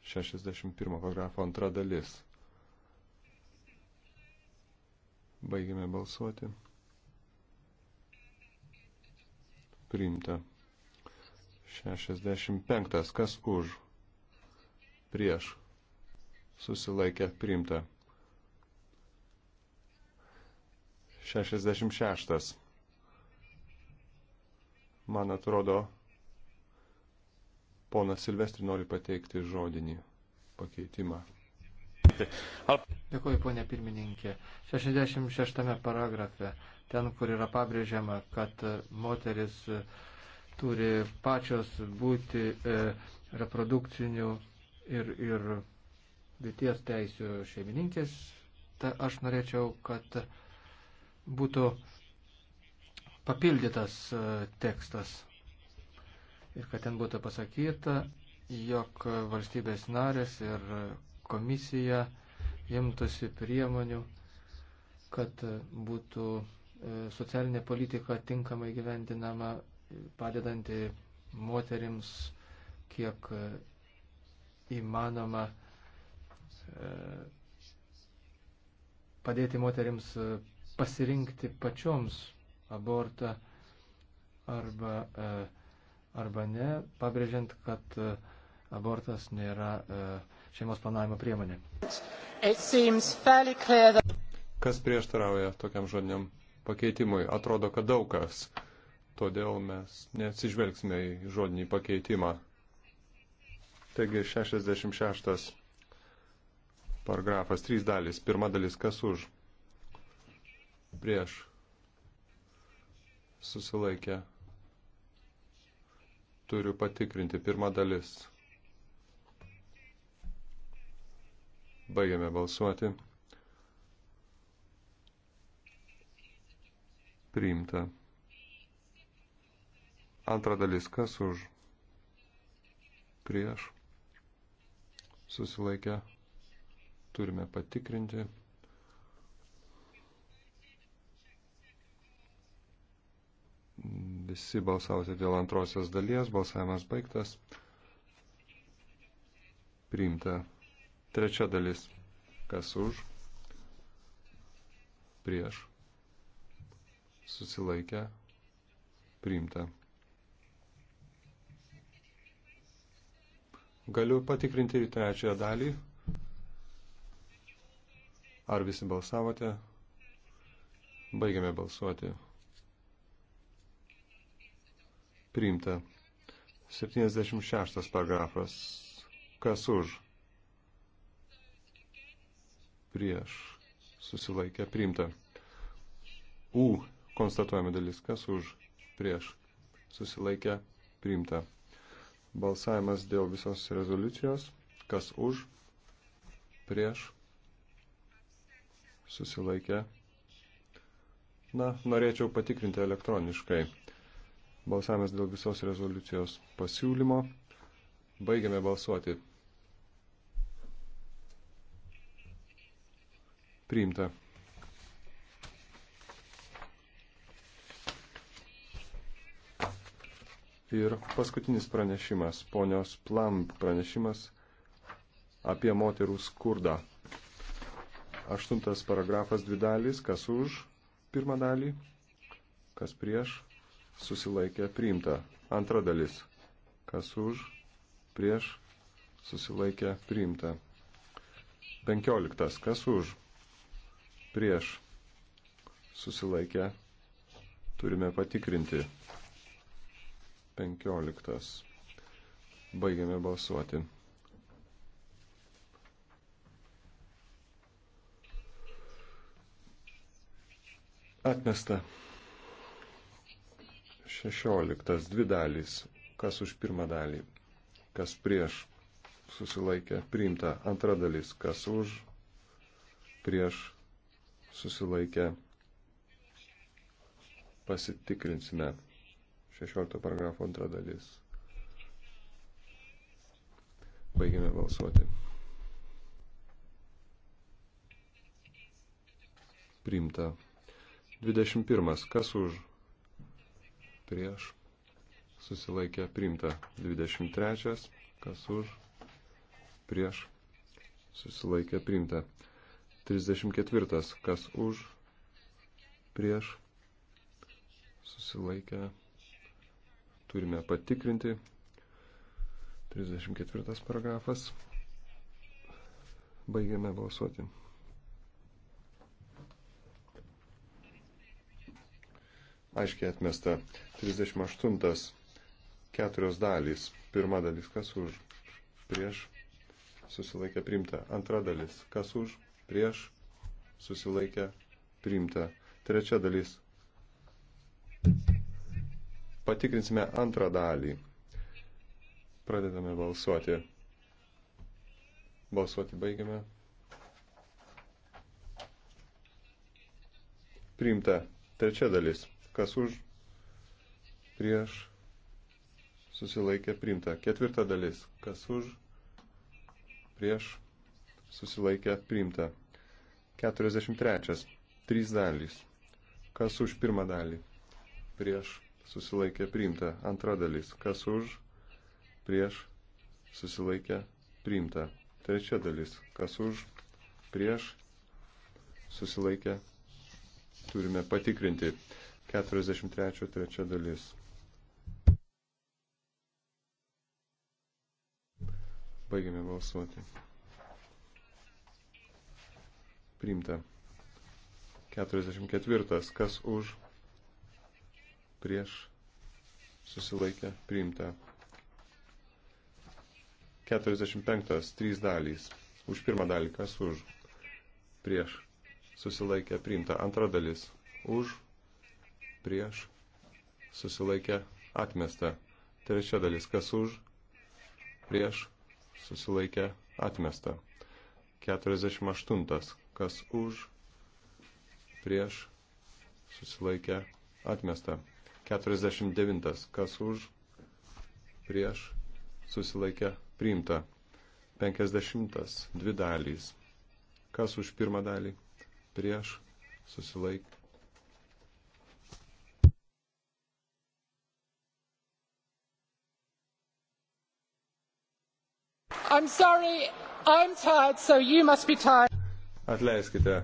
61 paragrafo antra dalis. Baigiame balsuoti. Priimta. 65. Kas už? prieš susilaikė priimta. 66. Man atrodo, ponas Silvestri nori pateikti žodinį pakeitimą. Dėkuoju, ponė pirmininkė. 66 paragrafe, ten, kur yra pabrėžiama, kad moteris turi pačios būti e, reprodukcinių ir, ir vieties teisų šeimininkės, ta aš norėčiau, kad būtų papildytas e, tekstas ir kad ten būtų pasakyta, jog valstybės narės ir komisija imtųsi priemonių, kad būtų e, socialinė politika tinkamai gyvendinama, padedanti moterims kiek e, įmanoma e, padėti moteriams e, pasirinkti pačioms abortą arba, e, arba ne, pabrėžiant, kad abortas nėra šeimos planavimo priemonė. Kas prieštarauja tokiam žodiniam pakeitimui? Atrodo, kad daug kas. Todėl mes neatsižvelgsime į žodinį pakeitimą. Taigi 66 paragrafas, 3 dalis. Pirma dalis, kas už? Prieš. Susilaikė. Turiu patikrinti. Pirma dalis. Baigiame balsuoti. Priimta. Antra dalis, kas už? Prieš susilaikę, turime patikrinti. Visi balsavote dėl antrosios dalies, balsavimas baigtas. Priimta. Trečia dalis. Kas už? Prieš. Susilaikę. Priimta. Galiu patikrinti trečiąją dalį. Ar visi balsavote? Baigiame balsuoti. Priimta. 76 paragrafas. Kas už? Prieš. Susilaikė. Priimta. U. Konstatuojame dalis. Kas už? Prieš. Susilaikė. Priimta. Balsavimas dėl visos rezoliucijos. Kas už, prieš, susilaikė. Na, norėčiau patikrinti elektroniškai. Balsavimas dėl visos rezoliucijos pasiūlymo. Baigiame balsuoti. Priimta. Ir paskutinis pranešimas, ponios Plam pranešimas apie moterų skurdą. Aštuntas paragrafas dvi dalys, kas už pirmą dalį, kas prieš, susilaikė priimta. Antra dalis, kas už, prieš, susilaikė priimta. Penkioliktas, kas už, prieš, susilaikė, turime patikrinti. 15. Baigiame balsuoti. Atmesta. 16. Dvi dalys. Kas už pirmą dalį? Kas prieš? Susilaikė. Priimta. Antra dalis. Kas už? Prieš? Susilaikė. Pasitikrinsime. 16 paragrafo antra dalis. Baigime balsuoti. Priimta. 21. Kas už? Prieš. Susilaikė. Priimta. 23. Kas už? Prieš. Susilaikė. Priimta. 34. Kas už? Prieš. Susilaikė turime patikrinti. 34 paragrafas. Baigiame balsuoti. Aiškiai atmesta 38 keturios dalys. Pirma dalis, kas už, prieš, susilaikė primta. Antra dalis, kas už, prieš, susilaikė primta. Trečia dalis, Patikrinsime antrą dalį. Pradedame balsuoti. Balsuoti baigiame. Priimta trečia dalis. Kas už, prieš, susilaikė, priimta. Ketvirta dalis. Kas už, prieš, susilaikė, priimta. 43. Trys dalys. Kas už pirmą dalį? Prieš susilaikė priimta. Antra dalis, kas už, prieš, susilaikė priimta. Trečia dalis, kas už, prieš, susilaikė, turime patikrinti. 43 trečia dalis. Baigiame balsuoti. Priimta. 44. Kas už prieš susilaikę priimta. 45. Trys dalys. Už pirmą dalį kas už. Prieš susilaikę priimta. Antra dalis. Už. Prieš susilaikę atmesta. Trečia dalis kas už. Prieš susilaikę atmesta. 48. Kas už. Prieš susilaikę atmesta. 49. Kas už, prieš, susilaikė, priimta. 50. Dvi dalys. Kas už pirmą dalį, prieš, susilaikė. I'm sorry, I'm tired, so you must be tired. Atleiskite,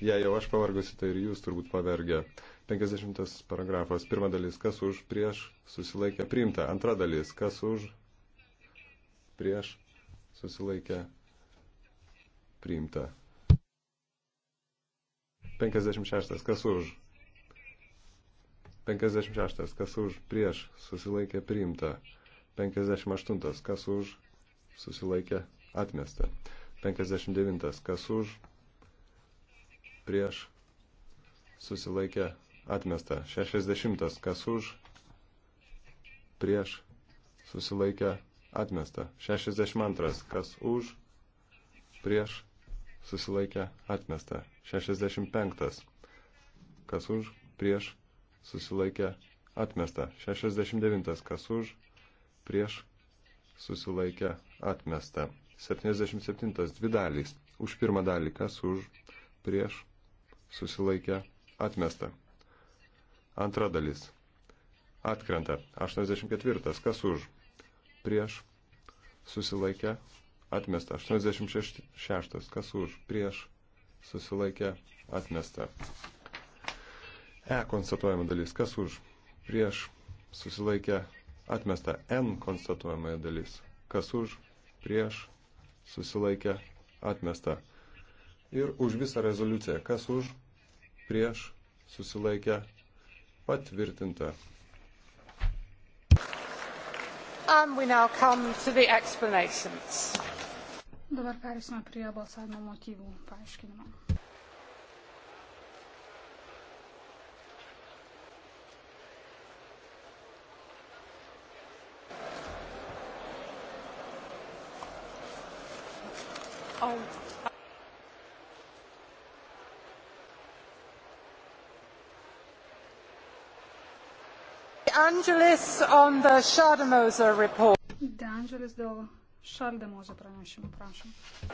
jei jau aš pavargusi, tai ir jūs turbūt pavergė. 50 paragrafas, pirma dalis, kas už, prieš, susilaikė, priimta. Antra dalis, kas už, prieš, susilaikė, priimta. 56, kas už, 56, kas už, prieš, susilaikė, priimta. 58, kas už, susilaikė, atmesta. 59, kas už, prieš, susilaikė, atmesta atmesta. 60. Kas už, prieš, susilaikę, atmesta. 62. Kas už, prieš, susilaikę, atmesta. 65. Kas už, prieš, susilaikę, atmesta. 69. Kas už, prieš, susilaikę, atmesta. 77. Dvi dalys. Už pirmą dalį, kas už, prieš, susilaikę, atmesta. Antra dalis. Atkrenta. 84. Kas už? Prieš. Susilaikė. Atmesta. 86. Kas už? Prieš. Susilaikė. Atmesta. E konstatuojama dalis. Kas už? Prieš. Susilaikė. Atmesta. N konstatuojama dalis. Kas už? Prieš. Susilaikė. Atmesta ir už visą rezoliuciją, kas už, prieš, susilaikę, patvirtinta. Dabar perėsime prie balsavimo motyvų paaiškinimo. Angelis on the Schademoser report. De Angelis dėl Šaldemozo pranešimų, prašom.